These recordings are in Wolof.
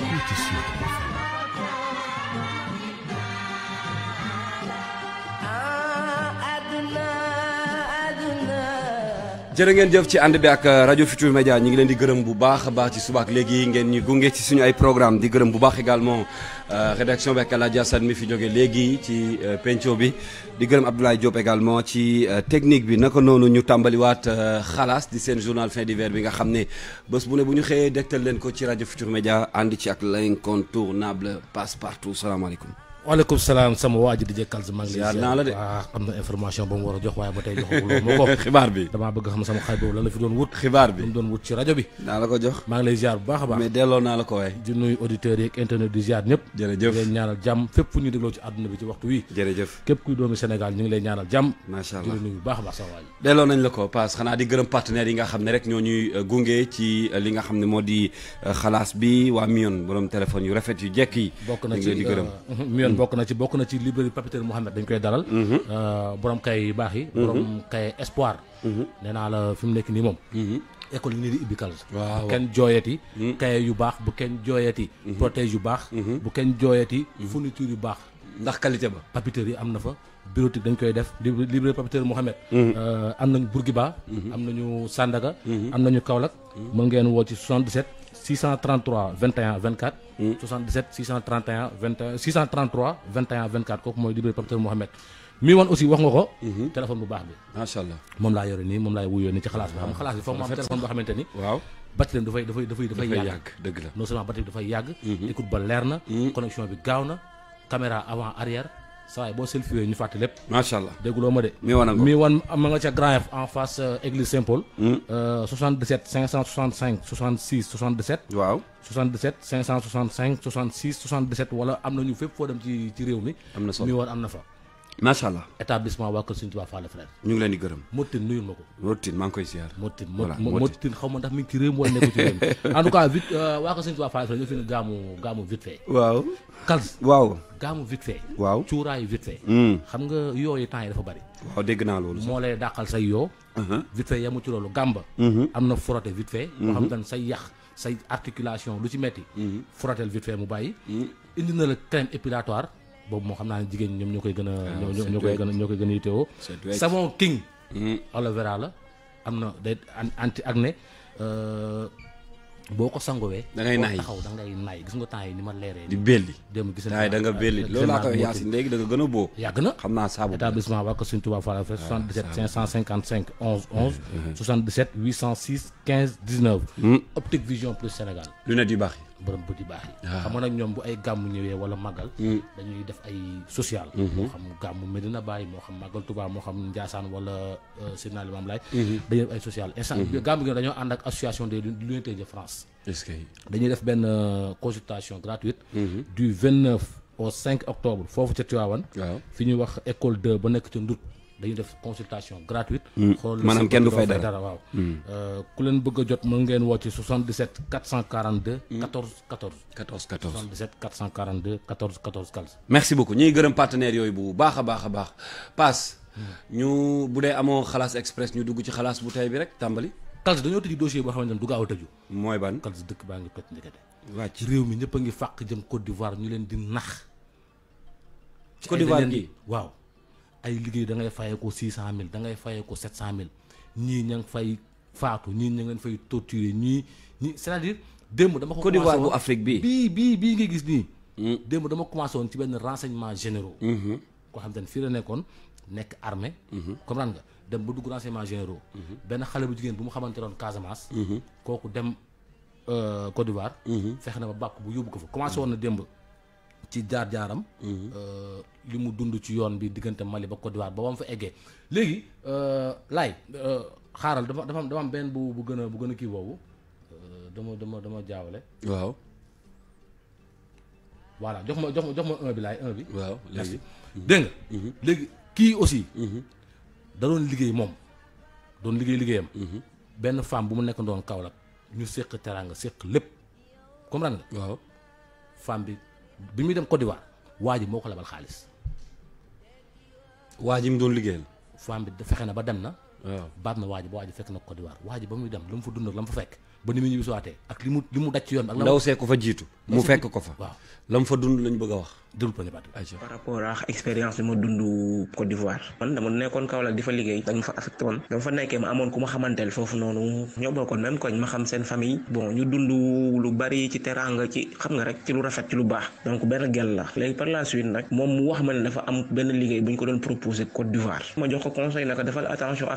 Curte sua jërë ngeen jëf ci ànd bi ak euh, rajo Futur Média ñu ngi leen di gërëm bu baax baax ci suba léegi ngeen ñi gunge ci suñu ay programme di gërëm bu baax également euh, rédaction bi ak El Hadj mi fi jóge léegi ci euh, penco bi di gërëm Abdoulaye Diop également ci technique bi naka noonu ñu tàmbaliwaat xalaas di seen journal fin d'hiver bi nga xam ne bés bu ne bu ñu xëyee dégtal leen ko ci rajo Futur Média ànd ci ak l'incontournable passe partout salaamaaleykum. waaleykum salaam sama di jëkkal si maa ngi naa la de waaw am na information ba mu war a jox waaye ba tey joxaguloo ma ko xibaar bi damaa bëgg xam sama xarit boobu lan la fi doon wut xibaar bi mu doon wut ci rajo bi naa la ko jox maa ngi lay ziar bu baax naa la ko waaye di nuyu auditeurs yeeg internet di ziar ñëpp jërëjëf leen ñaanal jàmm fépp fu ñu dégloo ci àdduna bi ci waxtu wi jërëjëf képp kuy doomi Sénégal ñu ngi lay ñaanal jàmm macha allah di nuyu bu baax a baax sama waa delloo nañ la ko parce xanaa di gërëm partenaires yi nga xam ne rek ñoo ñuy euh, gunge ci euh, li nga xam ne moo di euh, xalaas bi waa Mion borom téléphone yu rafet yu jekk yi bokk na ci di Mm-hmm. bokk na ci bokk na ci librairie papeterie Mouhamed dañ koy dalal mm-hmm. euh, borom kay yu baax yi mm-hmm. borom kay espoir nee naa la fi mu nekk nii moom école yi nii di ibbi kal waaw kenn jooyati kay yu baax bu kenn jooyati protège yu baax bu kenn jooyati fourniture yu baax ndax qualité ba papeterie yi am na fa bureautique dañ koy def librairie papeterie Mouhamed euh, am nañu Bourguiba am nañu Sandaga am nañu Kaolack mën ngeen woo ci 77 633 21 24. 77 631 21 633 21 24 kooku mooy libre Pape Mohamed. mi woon aussi wax nga ko. Hmm. téléphone bu baax bi. macha allah moom laa yore nii moom laay wuyoo nii ci xalaas bi. xam xalaas bi foog mu am xamante ni. waaw batterie dafay dafay dafay dafay yàgg. dëgg la non seulement batterie dafay yàgg. Hmm. écoute ba leer na. Hmm. connexion bi gaaw na. caméra saa yi boo selfie ñu fàtte lépp. macha allah dégguloo ma de. mi wan mi wan ma nga ca Grand Yoff en face euh, église Saint Paul. 77 565 66 77. waaw 77 565 66 77 wala am na ñu fépp foo dem ci réew mi. am na solo mi wan am na fa. macha allah établissement waa Kër Sëriñ Tuubaa Fall Frère ñu ngi leen di gërëm Moutine nuyul ma ko Moutine maa ngi koy ziar Moutine Moutine xaw ma ndax mi euh, waa Kër Sëriñ Tuubaa waaw Kals waaw gaamu hmm. xam nga yooyu temps yi dafa bari waaw dégg naa loolu moo lay dàqal say yoo uh-huh. vite fait mu ci loolu gàmba mm-hmm. am na frotté vite fait boo xam ne mm-hmm. say yax say articulation lu ci metti mm-hmm. frottel vite fait mu bàyyi indi na la crème épilatoire boobu moo xam naa ne jigéen ñoom ñoo koy gën a ah, ñoo koy gën a ñoo koy gën a yittewoo savon king hmm. aloe vera la am na day anti acné euh, boo ko sangowee da ngay naay taxaw da ngay naay gis nga temps yi ni ma leeree di belli dem gis naa da nga belli loolu laa koy yaasin léegi da nga gën a boo yàgg na xam naa saabu établissement Wack Serigne Touba Fall 77 555 11 11 77 806 15 19 optique vision plus Sénégal lunettes yu baax yi borom bët yu baax yi. Ah. xam nga nag ñoom bu ay gàmm ñëwee wala màggal. Hmm. dañuy def ay social. Mm-hmm. moo xam gàmm Medina bàyyi moo xam màggal Touba moo xam Ndiassane wala euh, Seydina Limamou Laye. Mm-hmm. dañuy def ay social instant mm-hmm. gàmm gi dañoo ànd ak association de l'unité de France. est-ce que dañuy def benn euh, consultation gratuite. du 29 au cinq octobre foofu ca Tivaouane. waaw fi ñu wax école 2 ba nekk ca Ndut. dañuy def consultation gratuite. Mm. xool maanaam kenn du fay dara waaw. Mm. Euh, ku leen bëgg a jot mën ngeen woo ci 77 442. 14 14. 14 14 77 442 14 14 14. merci beaucoup ñuy gërëm partenaires yooyu bu baax a baax a baax Paas. Mm. ñu bu dee amoo xalaas express ñu dugg ci xalaas bu tey bi rek tàmbali. Kals dañoo tëj dossier boo xamante ne du gaaw a tëju. mooy ban Kals dëkk baa ngi toj ndekete. waa ci réew mi ñëpp a ngi fàq jëm Côte d'Ivoire ñu leen di nax. Côte d'Ivoire gi waaw. ay liggéey da ngay fayee ko six cent mille da ngay fayee ko sept cent mille ñii ña fay faatu ñii ña ngeen fay torturer ñii ñii cest à démb dama ko Côte bi bii bii bii gis nii hmm. démb dama commencé woon ci benn renseignement généro hmm. koo xam te ne fii la nekkoon nekk armée hmm. comprendre nga dem ba dugg renseignement généraux benn xale bu jigéen bu mu xamante doon Casamance kooku dem euh, Côte d'Ivoire fexe na ba bàkk bu yóbbu ko fa commencé woon na démb ci jaar-jaaram. Mhm. Euh, li mu dund ci yoon bi diggante Mali ba Côte d'Ivoire ba ba mu fa eggee léegi euh, laay euh, xaaral dafa dafa dafa am benn bu bu gën a bu gën a kii woowu dama dama dama jaawale. waaw. voilà jox ma jox ma jox bi laay un bi. waaw léegi mhm. dégg mhm. kii aussi. da doon liggéey moom doon liggéey liggéeyam. benn femme bu mu nekk doon Kaolack ñu séq teraanga séq lépp comprendre nga. waaw femme bi. bi muy dem Côte d'Ivoire waa ji moo ko la lebal xaalis. waa ji mu doon liggéeyal. femme bi fexe na ba dem na. waaw euh, baat na waa ji ba waa ji fekk na Côte d'Ivoire waa ji ba muy dem la mu fa dund ak la mu fa fekk ba ni mu ñibbi suwaatee ak li mu li mu daj ci yoon ndaw see ko fa jiitu mu fekk ko fa waaw la mu fa dund lañ bëgg a wax déglu fa liggéey dañ ma fa affecté woon nekkee ma amoon ku ma xamanteel foofu noonu ñoo bokkoon même koñ ma xam seen famille bon ñu dund lu bari ci teranga ci xam nga rek ci lu rafet ci lu baax donc benn gel la léegi par la suite nag moom mu wax ma ne dafa am benn liggéey bu ñu ko doon proposé Côte d'Ivoire ko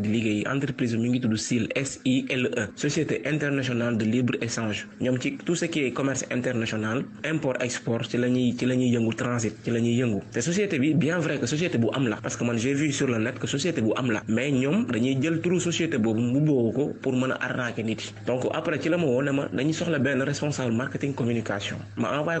di liggéey entreprise bi mi ngi tudd SIL SILE société internationale de libre échange ñoom ci tout ce qui commerce international import export ci la yëngu transit ci la yëngu te société bi bien vrai que société bu am la parce que man j'ai vu sur le net que société bu am la mais ñoom dañuy jël turu société boobu mu boobu ko pour mën a arnaquer nit donc après ci la ma woo ne ma dañuy soxla benn responsable marketing communication ma envoyé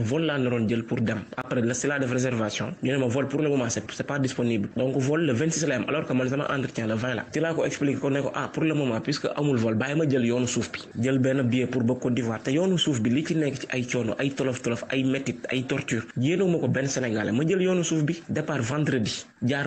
sax vol laa naroon jël pour dem après la cela def réservation ñu ne ma vol pour le moment c'est pas disponible donc vol le 26 la alors que man sama entretien le 20 la ci laa ko expliqué ko ne ko ah pour le moment puisque amul vol bàyyi ma jël yoonu suuf bi jël benn billet pour ba Côte d'Ivoire te yoonu suuf bi li ci nekk ci ay coono ay tolof tolof ay métit ay torture yéenuma ko benn Sénégalais ma jël yoonu suuf bi départ vendredi jaar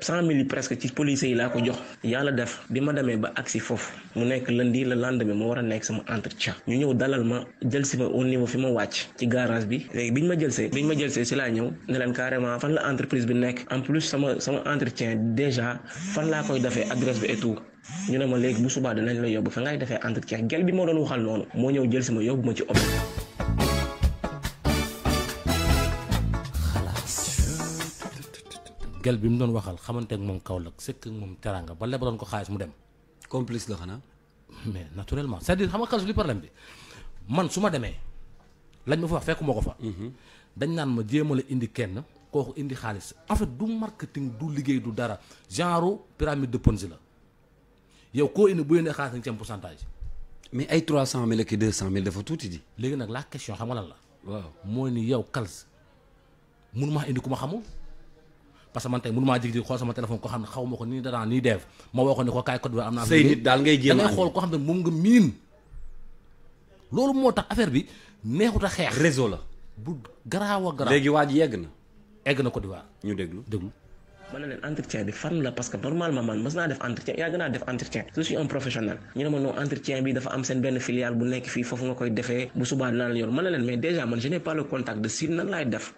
cent mille yi presque ci policiers yi laa ko jox yàlla def bi ma demee ba agsi foofu mu nekk lundi la lendemain ma war a nekk sama entretien ñu ñëw dalal ma jël si ma au niveau fi ma wàcc ci garage bi léegi biñ ma jël see biñ ma jël see si laa ñëw ne leen carrément fan la entreprise bi nekk en plus sama sama entretien déjà fan laa koy defee adresse bi et ñu ne ma léegi bu subaa danañ la yóbbu fa ngay defee entretien gel bi moo doon waxal noonu moo ñëw jël si ma yóbbu ma ci oto gel bi mu doon waxal xamante ak moom Kaolack sëkk ak moom teranga ba lebaloon ko xaalis mu dem. complice la xanaa. mais naturellement c'est-à-dire xam nga Kalsoum li problème bi man su ma demee lañ ma fa wax fekkuma ko fa. Mhm. dañ naan ma jéem la indi kenn ko indi xaalis en fait du marketing du liggéey du dara genre pyramide de Ponzi la yow koo indi bu yónnee xaalis nga ci am pourcentage. mais ay 300000 cent mille dafa tuuti di. léegi nag la question xam nga lan la. waaw mooy ni yow Kals indi ku ma xamul. parce que man tey mënu maa jig-jig xool sama téléphone koo xam ne xaw ko nii danaa nii deef ma woo ko ne ko kaay code am na say nit daal ngay jéem dangay xool koo xam ne moom nga miin loolu moo tax affaire bi neexut a xeex réseau la bu garaaw a garaaw léegi waa ji yegg na egg na Côte ñu déglu déglu mën na leen entretien bi fan la parce que normalement man mës naa naa def entretien je nga koy def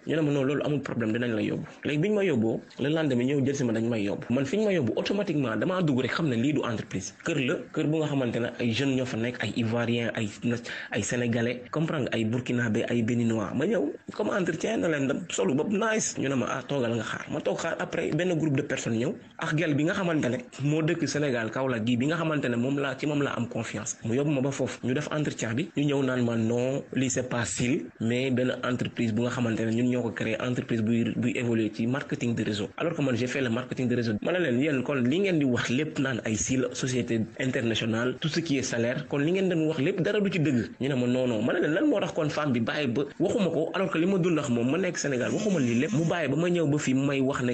ñu bi ñu si ma dañ ñu ne lii nekk ay ivoirien ay ay sénégalais comprendre ay burkinabé ay béninois ma ñëw comme entretien na leen solu ba nice ñu ne ma ah toogal nga xaar ma toog xaar après benn groupe de personnes ñëw ak gel bi nga xamante moom laa ci moom laa am confiance mu yóbbu ma ba foofu ñu def entretien bi ñu ñëw naan ma non lii ci marketing de ngeen di wax lépp naan ay SIL société internationale tout ce qui est salaire kon li ngeen doon wax lépp dara du ci dëgg ñu ne ma non ma ne leen lan moo tax kon femme bi bàyyi ba waxuma ko alors que li ma dund moom ma nekk Sénégal waxuma lii lépp mu bàyyi ba ma ñëw ba fii may wax ne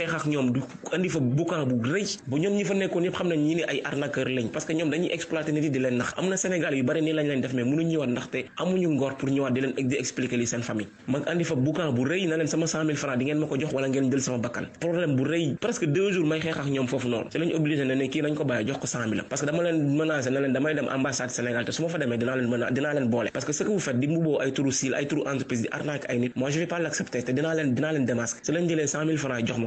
xeex ak ñoom du andi fa boucan bu rëy ba ñoom ñi fa nekkoon yëpp xam nañ ñi ni ay arnaqueur lañ parce que ñoom dañuy exploiter nit yi di leen nax am na Sénégal yu bari nii lañ leen def mais mënuñ ñëwaat ndaxte amuñu ngor pour ñëwaat di leen di expliquer li seen famille mag andi fa boucan bu rëy na leen sama cent mille francs di ngeen ma ko jox wala ngeen jël sama bakkan problème bu rëy presque deux jours may xeex ak ñoom foofu noonu ci lañ obligé na ne kii nañ ko bàyyi jox ko cent mille parce que dama leen menacé na leen damay dem ambassade Sénégal te su ma fa demee dinaa leen mën dinaa leen boole parce que ce que vous faites di mbubboo ay turu sil ay turu entreprise di arnaque ay nit moi je vais pas l'accepter te dinaa leen dinaa leen démasquer ci lañ jëlee cent mille francs jox ma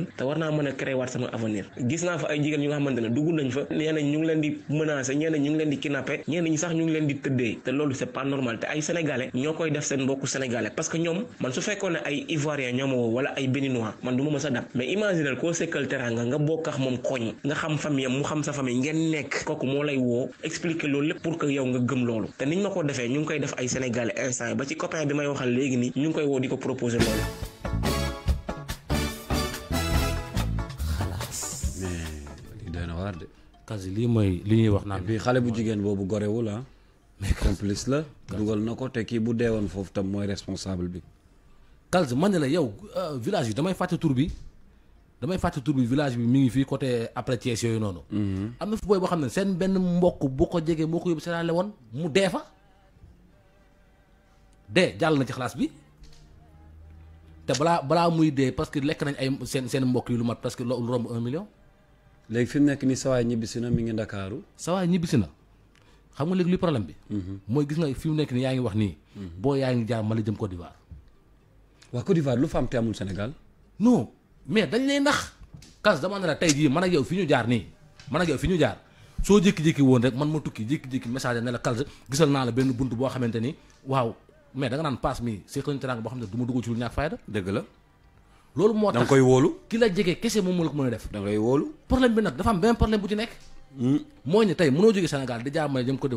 jigéen te war naa mën a créer waat sama avenir gis naa fa ay jigéen ñu nga xamante ne dugg nañ fa ñenn ñu ngi leen di menacer ñenn ñu ngi leen di kidnapper ñenn ñi sax ñu ngi leen di tëddee te loolu c'est pas normal te ay sénégalais ñoo koy def seen mbokku sénégalais parce que ñoom man su fekkoon ay ivoirien ñoo ma woo wala ay béninois man du ma mës a dab mais imaginer koo sekkal teranga nga bokk moom koñ nga xam famille mu xam sa famille ngeen nekk kooku moo lay woo expliquer loolu lépp pour que loolu te niñ ma ñu ngi koy def ay sénégalais instant ba ci copain ni ñu ngi koy ko proposer loolu mais li lii mooy li ñuy wax naan. bi xale bu jigéen boobu gorewul ah. mais complice la. dugal na ko te kii bu deewoon foofu tam mooy responsable bi. Kazi man ne la yow euh, village yi damay fàtte tur bi damay fàtte tur bi village bi mi ngi fii côté après Thiès yooyu noonu. Mhm. am na fu booy boo xam ne seen benn mbokk bu ko jegee moo ko yóbbu seetaale woon mu dee fa. dee jàll na ci xalaas bi te balaa balaa muy dee parce que lekk nañ ay seen mbokk yi lu mat parce que million. léegi fi mu nekk nii sawaay ñibbisi na mi ngi ndakaaru sawaay ñibbisi na xam nga léegi luy problème bi mhm. mooy gis nga fi mu nekk nii yaa ngi wax nii mhm. boo yaa ngi jaar Mali jëm Côte d'Ivoire waa Côte d'Ivoire lu fa am te amul Sénégal non mais dañ lay ndax kas dama ne la tey jii man ak yow fi ñu jaar nii man ak yow fi ñu jaar soo jékki-jékki woon rek man ma tukki jékki-jékki message ne la kalse gisal naa la benn bunt boo xamante ni waaw mais da nga naan paas mi seeqlañu boo xam ne du ma dugg ci lu ñàkk la loolu moo tax da koy wóolu ki la jege kese moo la mën a def da nga koy wóolu bi nag dafa am benn problème bu ci nekk hmm. mooy ne tey mënoo jóge Sénégal di jaamale jëm Côte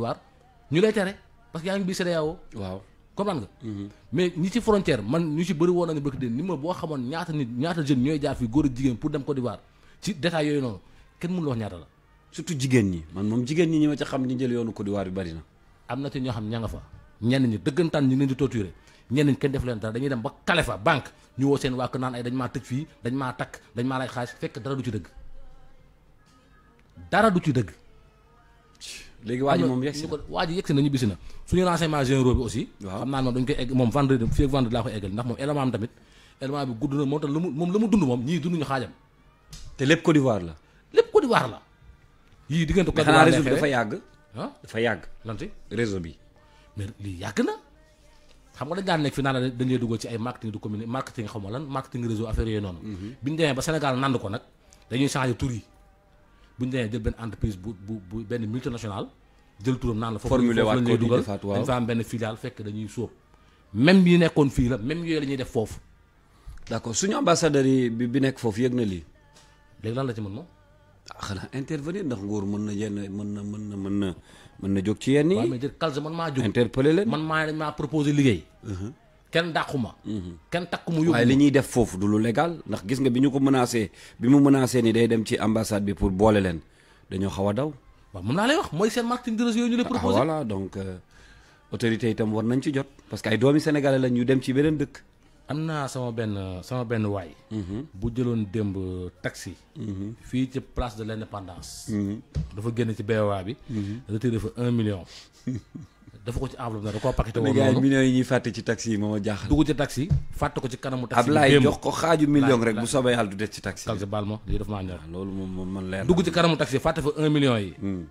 ñu lay tere parce que yaa ngi biir CEDEAO waaw comprendre nga hmm. mais ñi ci frontière man ñu ci bëri woon nañu bëgg ni ma boo xamoon ñaata nit ñaata jeunes ñooy jaar fi góor a jigéen pour dem Côte d'Ivoire ci détails yooyu noonu kenn mënul wax ñaata la surtout jigéen ñi man moom jigéen ñi ñi ma ca xam ñi jël yoonu Côte d'Ivoire bi bari na na ci ñoo xam ña nga fa ñenn ñi ñi leen di torturer ñeneen kenn def leen dara dañuy dem ba kalefa banque ñu woo seen waa kër naan ay dañ maa tëj fii dañ maa takk dañ maa laaj xaalis fekk dara du ci dëgg dara du ci dëgg. léegi waa ji moom yegsi na waa ji yegsi na ñu bisi na suñu renseignement généraux bi aussi. waaw xam naa moom dañ koy egg moom vendredi fii ak vendredi laa koy eggal ndax moom élément am tamit élément bi gudd na moom tam lu mu moom lu mu dund moom ñii dund ñu xaajam. te lépp Côte d'Ivoire la. lépp Côte d'Ivoire la. yii diggante Côte d'Ivoire xanaa dafa yàgg. ah yàgg. lanti réseau bi mais lii yàgg na xam nga dañ daan nekk fi naan dañ lay dugal ci ay marketing de commune marketing xaw ma lan marketing réseau affaire yooyu noonu mhm. bi ñu demee ba Sénégal nand ko nag dañuy changé tur bu ñu demee jël benn entreprise bu bu bu benn multinationale jël turam naan la foofu lañ lay dugal dañ fa am benn filiale fekk dañuy sóob même yi nekkoon fii la même yooyu la ñuy def foofu d' accord suñu ambassadeur yi bi bi nekk foofu yëg na lii léegi lan la ci mën moom xanaa intervenir ndax nguur mën na yenn mën na mën na mën na mën na jóg ci yenn yi. waaw mais Calze man maa jóg interpeller leen. man maa maa proposé liggéey. Mhm. kenn dàqu ma. Mhm. kenn takku mu yóbbu waaye li ñuy def foofu du lu legal ndax gis nga bi ñu ko menacé bi mu menacé ni day dem ci ambassade bi pour boole leen dañoo xaw a daw. waaw mën naa lay wax mooy seen marketing de réseau yooyu ñu lay ah, proposé. voilà donc euh, autorité itam war nañ ci jot parce que ay doomi sénégalais lañ ñu dem ci beneen dëkk. am na sama benn sama benn waay. Mhm. bu jëloon démb taxi. Mhm. fii ci place de l' indépendance. Mhm. dafa génn ci BOA bi. retiré fa un million. dafa ko ci enveloppe na da koo paqueté woon noonu millions ci taxi yi moo ma jaaxal. dugg ci taxi fàtte ko ci kanamu. taxi bi ko xaaju million rek bu soobee yàlla ci taxi. taxi baal ma lii dafa maa ñor. Ah, dugg ci kanamu taxi fàtte fa un million yi. Hmm.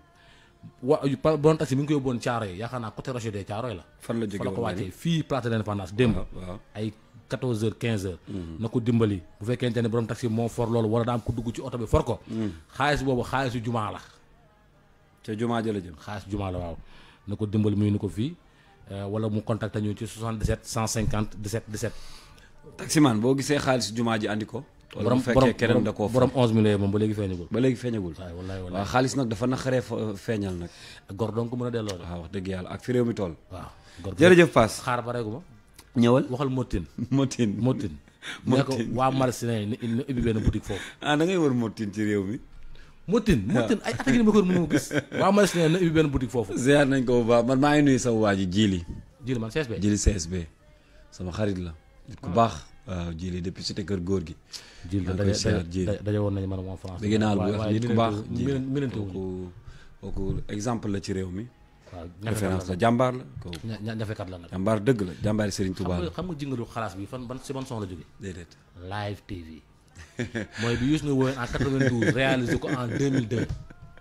waa bon taxi mi ngi ko yóbboon Thiaroye yaakaar naa côté de caaro Thiaroye la. fan la jógee fa la ko wàccee fii place de l' démb ay. quatorze heures quinze heures mm-hmm. na ko dimbali bu fekkente ne borom taxi moo for loolu wala daa am ko dugg ci oto bi for ko mm. xaalis boobu xaalisu jumaa la ca jumaa jëla jëm xaalis jumaa la na ko fii eh, wala mu contacté ñu ci 77 150 17 17 taximaan boo gisee xaalis jumaa ji andi ko borom fekkee keneen da koo borom onze mille moom ba léegi feeñagul ba léegi feeñagul wallaay wallaay waaw xaalis nag dafa naqaree feeñal nag gor donc mën a delloo de waaw wax dëgg yàlla ak fi réew mi tool waaw jërëjëf Paas ñëwal waxal Motin. Motin Motin. Motin ne ko waa Marseille ne na ubbi benn boutique foofu. ah da ngay wër Motin ci réew mi. Motin Motin ay at a ngi ni ma ko wër mënuma gis. waa Marseille na foofu. ziar nañ ko bu baax man maa ngi nuyu saw waa ji Jili. Jili man CSB Jili CSB sama xarit la. nit ku ah. baax waaw Jili depuis cité kër góor gi. Jili da daje woon nañu man moom France. a naa bu baax nit ku baax Jili kooku exemple la ci réew mi. waaw référence la jàmbaar la ko ñafekat la nag jàmbaar dëgg la jàmbaari Serigne Touba la xam nga jingalu xalaas bi fan ban si ban son la jógee live tv mooy bi Youssou Ndour woyoon en 92 réalisé ko en 2002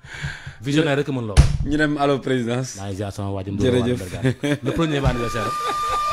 visionnaire mën la ñu dem allo présidence maa ngi ziar sama waajum jërëjëf le premier anniversaire